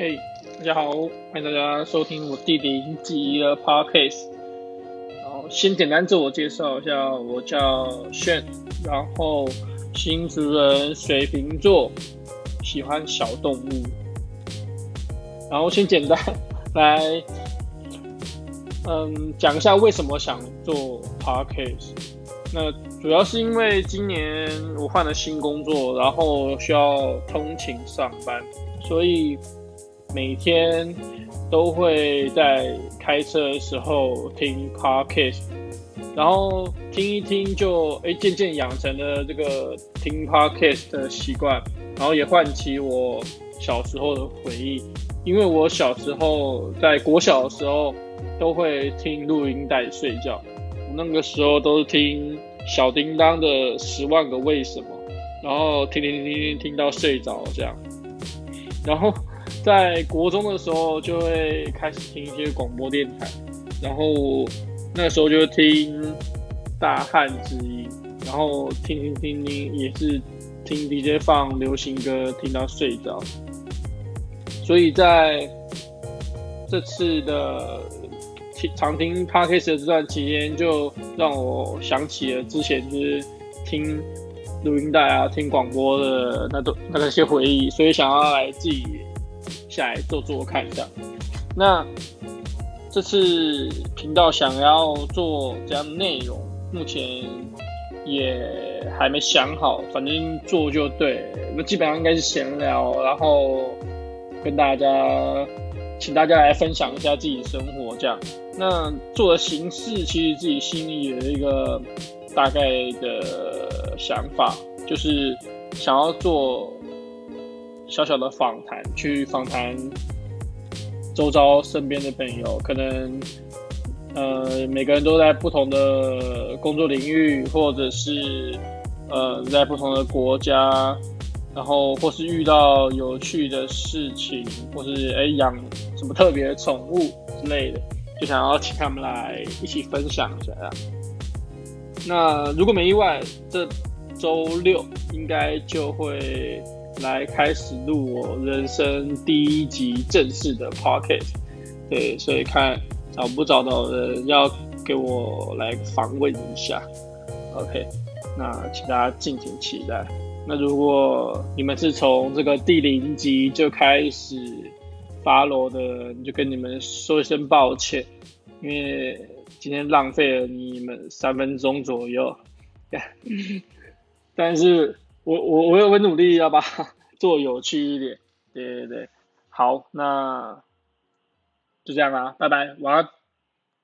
嘿，hey, 大家好，歡迎大家收聽我第零集的 podcast。然後先簡單自我介紹一下，我叫森，然後新職人水瓶座，喜歡小動物。然後先簡單來，嗯，講一下為什麼想做 podcast。那主要是因為今年我換了新工作，然後需要通勤上班，所以。每天都會在開車的時候聽 podcast，然後聽一聽就誒漸漸養成了這個聽 podcast 的習慣，然後也喚起我小時候的回憶。因為我小時候在國小的時候都會聽錄音帶睡覺，我那個時候都是聽小叮當的《十萬個為什麼》，然後聽聽聽聽聽到睡着這樣，然後。在國中的時候就會開始聽一些廣播電台，然後那時候就會聽大漢之音，然後聽聽聽聽也是聽 DJ 放流行歌聽到睡着。所以在這次的聽常聽 Podcast 的這段期間，就讓我想起了之前就是聽錄音帶啊、聽廣播的那段那些回憶，所以想要來自己。下來做做看一下，那這次頻道想要做這樣的內容，目前也還沒想好，反正做就對。那基本上應該是閒聊，然後跟大家，請大家來分享一下自己生活這樣。那做的形式，其實自己心裡有一個大概的想法，就是想要做。小小的訪談，去訪談周遭身邊的朋友，可能呃每個人都在不同的工作領域，或者是呃在不同的國家，然後或是遇到有趣的事情，或是欸，養什麼特別的寵物之類的，就想要請他們來一起分享一下。那如果沒意外，這週六應該就會。來開始錄我人生第一集正式的 podcast，對，所以看找不找到的人要給我來訪問一下，OK，那請大家敬請期待。那如果你們是從這個第零集就開始 follow 的，就跟你們說一聲抱歉，因為今天浪費了你們三分鐘左右，yeah. 但是。我我我會努力，好吧，做有趣一點，對對對，好，那就這樣啦，啊，拜拜，晚安。